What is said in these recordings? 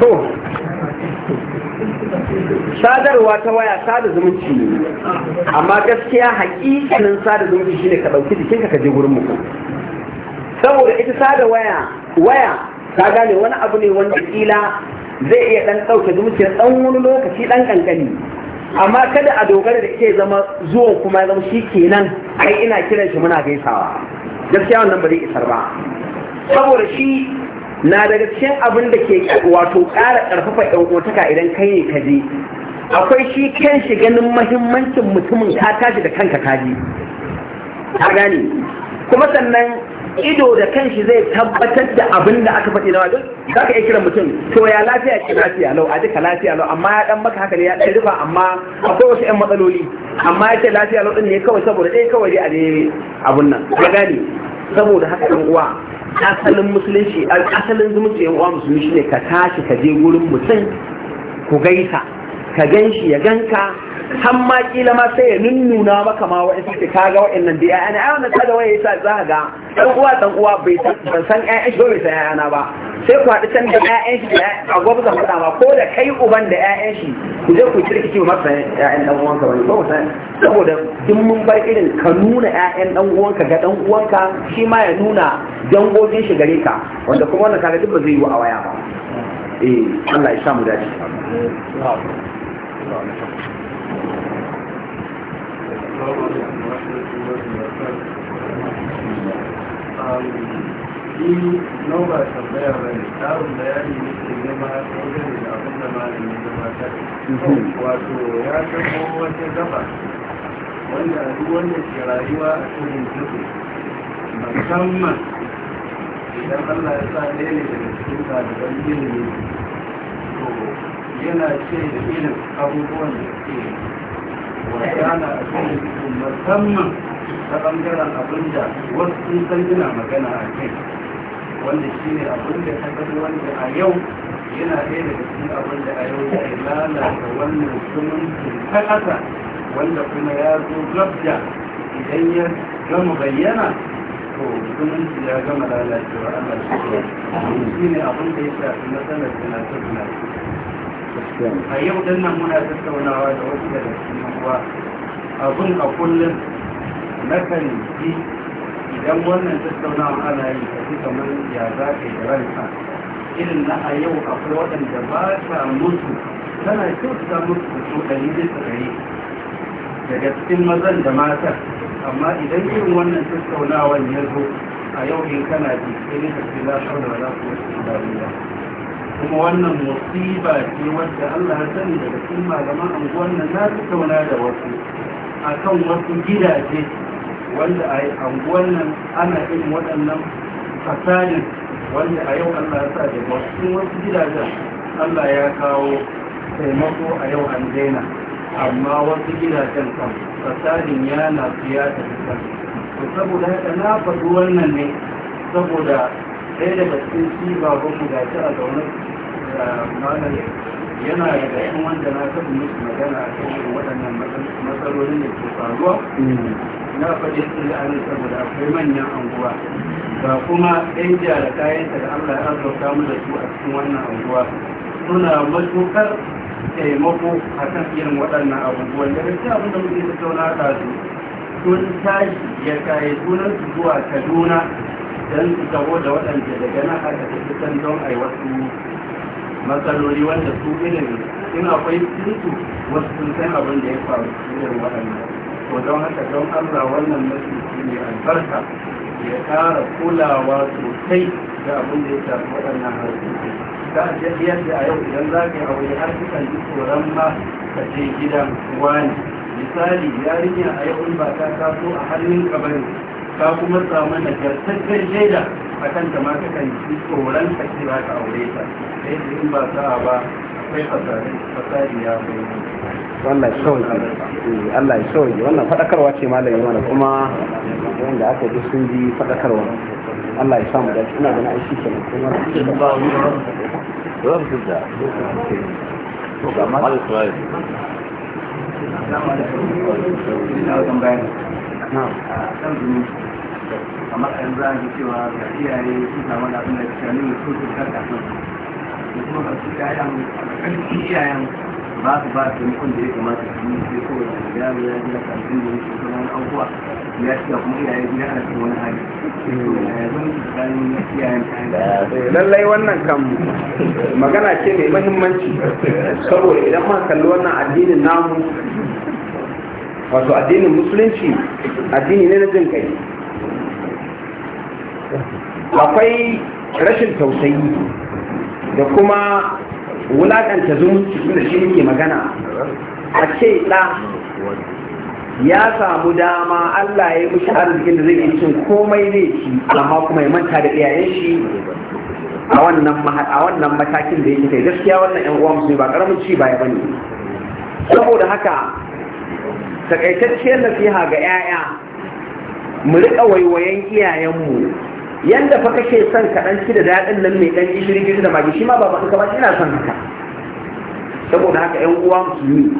to sadarwa ta waya sada zumunci ne amma gaskiya hakikanin sada zumunci shine ka ɗauki jikinka ka je wurin mutum saboda ita sada waya waya ka gane wani abu ne wanda kila zai iya ɗan ɗauke zumunci ɗan wani lokaci ɗan ƙanƙani amma kada a dogara da ita ya zama zuwa kuma ya zama shi kenan ai ina kiran shi muna gaisawa gaskiya wannan ba zai isar ba saboda shi na daga cikin abin da ke wato ƙara ƙarfafa ƴan'uwataka idan kai ne ka je akwai shi kan shi ganin mahimmancin mutumin ka tashi da kanka ka je Ta gane kuma sannan ido da kan shi zai tabbatar da abin da aka faɗi na wajen za ka iya kiran mutum to ya lafiya ki lafiya lau a jika lafiya lau amma ya ɗan maka haka ne ya ɗan rufa amma akwai wasu ƴan matsaloli amma ya ce lafiya lau ɗin ne kawai saboda ɗaya kawai dai a je abun nan ka gane saboda haka ɗan uwa asalin musulunci asalin zumunci yan uwa musulmi shine ka tashi ka je wurin mutum ku gaisa ka gan shi ya ganka har ma kila ma sai ya nunnuna maka ma wa'in suke kaga nan da ƴaƴana ai wannan kaga waya yasa za ka ga Ɗan uwa ɗan uwa bai san ɗan san ƴaƴan shi bai san na ba sai ku haɗu can da 'ya'yan shi a gwamnati zan ko da kai uban da 'ya'yan shi ku je ku kirkici ma masa 'ya'yan ɗan uwanka ba. ko san saboda duk mun bar irin ka nuna 'ya'yan ɗan uwanka ga ɗan uwanka shi ma ya nuna dangogin shi gare ka wanda kuma wannan kaga duk zai yi a waya ba eh Allah sa mu dace ni na ba tambaya ba ne tsarin bayani ne ke nema wajen da abin da malamin gabatar wato ya zama wata gaba wanda duk wanda ke rayuwa a cikin duhu musamman idan allah ya sa ɗaya ne daga cikin ɗaliban ilimi to yana ce da irin abubuwan da ke wadana a cikin musamman ta ɓangaren abin da wasu sun san ina magana a kai wanda shi ne abin da ka gani wanda a yau yana ɗaya daga cikin abin da a yau ya lalata wannan sumunci ta ƙasa wanda kuma ya zo gabda idan ya gama bayyana to zumunci ya gama lalacewa Allah shi shi ne abin da ya shafi matsalar zinace-zinace a yau din nan muna tattaunawa da wasu daga cikin uwa abin a kullum na kan ji idan wannan tattaunawa ana yi ka ji kamar ya za ka yi ranta, irin na a yau akwai waɗanda ba ta mutu tana kyauta mutu da su ɗari daga cikin mazan da matan amma idan irin wannan tattaunawa ya zo a yau in kana ji sai ne tafi la shawara za ku illa billah kuma wannan musiba ce wadda Allah ya sani daga cikin malaman anguwan nan na tattauna da wasu akan wasu gidaje wanda a yi anguwan nan ana yin waɗannan fasalin wanda a yau allah ya sa da wasu wasu gidajen allah ya kawo taimako a yau an daina amma wasu gidajen kan fasalin ya na fiya da kan saboda haka na faɗi wannan ne saboda ɗaya daga cikin shi ga shi a zaune eh, Malami, yana da cikin wanda na taɓa musu magana a kan waɗannan matsalolin da ke faruwa mm. na faɗi al'adu saboda akwai manyan anguwa ba kuma ɗan da kayanta da allah ya azauta mu da su a cikin wannan anguwa suna matuƙar taimako a kan irin waɗannan abubuwan da gaske abin da muke tattauna ta su sun tashi ya kayi sunan su zuwa kaduna don su taho da waɗanda daga nan aka tafi can don a yi wasu matsaloli wanda su irin in akwai cinsu wasu sun san abin da ya faru irin waɗannan ko don haka don allah wannan mafi ne albarka ya kara kulawa sosai da abin da ya shafi waɗannan harkoki za a ce a yau idan za ka yi aure har kan ji tsoron ma ka je gidan wani misali yarinya a yau ba ta taso a hannun ka ka kuma samu nagartaccen shaida a kan ta ma kan ji tsoron ka ce za ka aure ta sai in ba sa'a ba akwai fasari ya bai wannan shawaki Allah ya shawaki wannan fadakarwa ce malami mana kuma wanda aka ji sun ji fadakarwa Allah ya samu dace ina kenan kuma za da to ga malami sai kamar yanzu an cewa ga iyaye su samu da abin da ya shafi mutum su karka sun kuma ga su iyayen ba su ba su taimakon da ya kamata su yi sai kawai da yaro ya gina karfin da ya kuma wani abubuwa ya shiga kuma iyaye gida ana cikin wani hali lallai wannan kan magana ce mai mahimmanci saboda idan muka kalli wannan addinin namu wato addinin musulunci addini ne na jin kai akwai rashin tausayi da kuma wulaƙanta zumunci da shi muke magana a ce ɗa ya samu dama Allah ya yi arzikin da zai yi cin komai zai ci amma kuma ya manta da iyayen shi a wannan matakin da yake kai gaskiya wannan yan uwa musu ba karamin ci baya bane saboda haka takaitacciyar nasiha ga 'ya'ya mu riƙa waiwayen iyayenmu yanda fa kake son ka ɗan ci da daɗin nan mai ɗan gishiri gishiri da magi shi ma ba ka ba ina son haka saboda haka ƴan uwa musulmi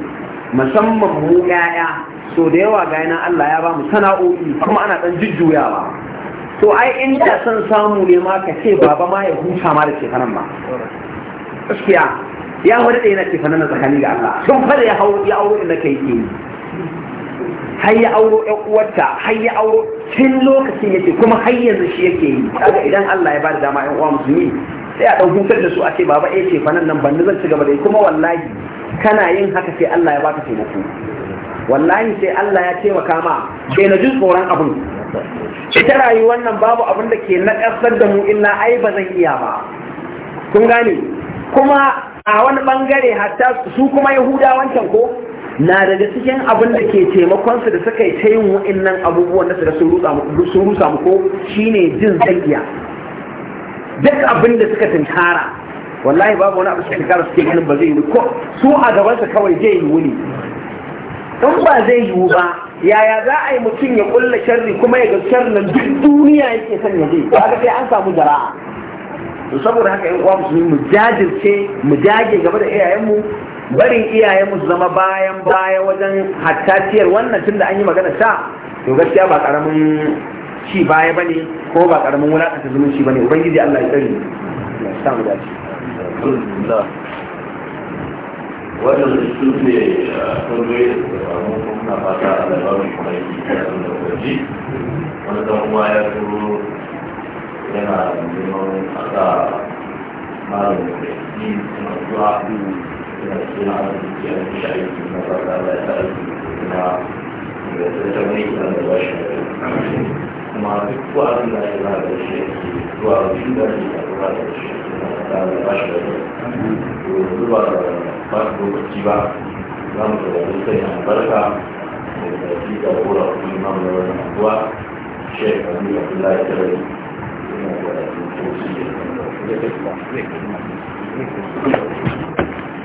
musamman mu ƴaƴa so da yawa ga yana Allah ya ba mu sana'o'i kuma ana ɗan jujjuyawa to ai in da son samu ne ma ka ce baba ma ya huta ma da shekaran ba. gaskiya ya wani ɗaya na ce fa na tsakani ga Allah sun fara ya hau ya aure da kai ke har ya auro ƴan uwarta har ya auro cin lokacin yake kuma har yanzu shi yake yi kaga idan Allah ya bada dama ƴan uwa musulmi sai a ɗau hutar da su a ce baba eh ce fanan nan ban zan ci gaba da yi. kuma wallahi kana yin haka sai Allah ya baka taimako wallahi sai Allah ya taimaka ma sai na ji tsoron abin ita rayuwar nan babu abun da ke naƙasar da mu illa ai ba zan iya ba kun gane kuma a wani bangare hatta su kuma yahuda wancan ko na daga cikin abin da ke taimakon su da suka yi ta yin wa'annan abubuwan da su rusa muku shi ne jin zakiya duk abin da suka tinkara wallahi babu wani abu suka tunkara suke ganin ba zai yi ko su a gaban su kawai zai yi wuni in ba zai yiwu ba yaya za a yi mutum ya kulla sharri kuma ya ga sharrin duk duniya yake son ya je kaga sai an samu jara'a saboda haka yan uwa musulmi mu jajirce mu dage gaba da iyayenmu barin iyayen mu zama bayan baya wajen hatta ciyar wannan tun da an yi magana ta to gaskiya ba karamin ci baya ba ne, ko ba karamin wulakanta zumunci bane ubangiji Allah ya tsare ya sa mu dace wannan su ne uh, tambaye na fata a labarin kuma yi da waje wani dan uwa ya turo yana neman a sa malamin da yi suna zuwa suna suna arziki a cikin shari'a na fata da ta arziki kuma da ta tabbata idan da ba shi kuma duk kuwa abin da ake zara da shi kuwa abin da ake zara da shi na da ba shi da shi ba da ba su lokaci ba za mu tabbata sai na barka da shi da wura kuma imam da wani abuwa shekaru da kula da tarihi yana da tutoci da kuma da kuma da kuma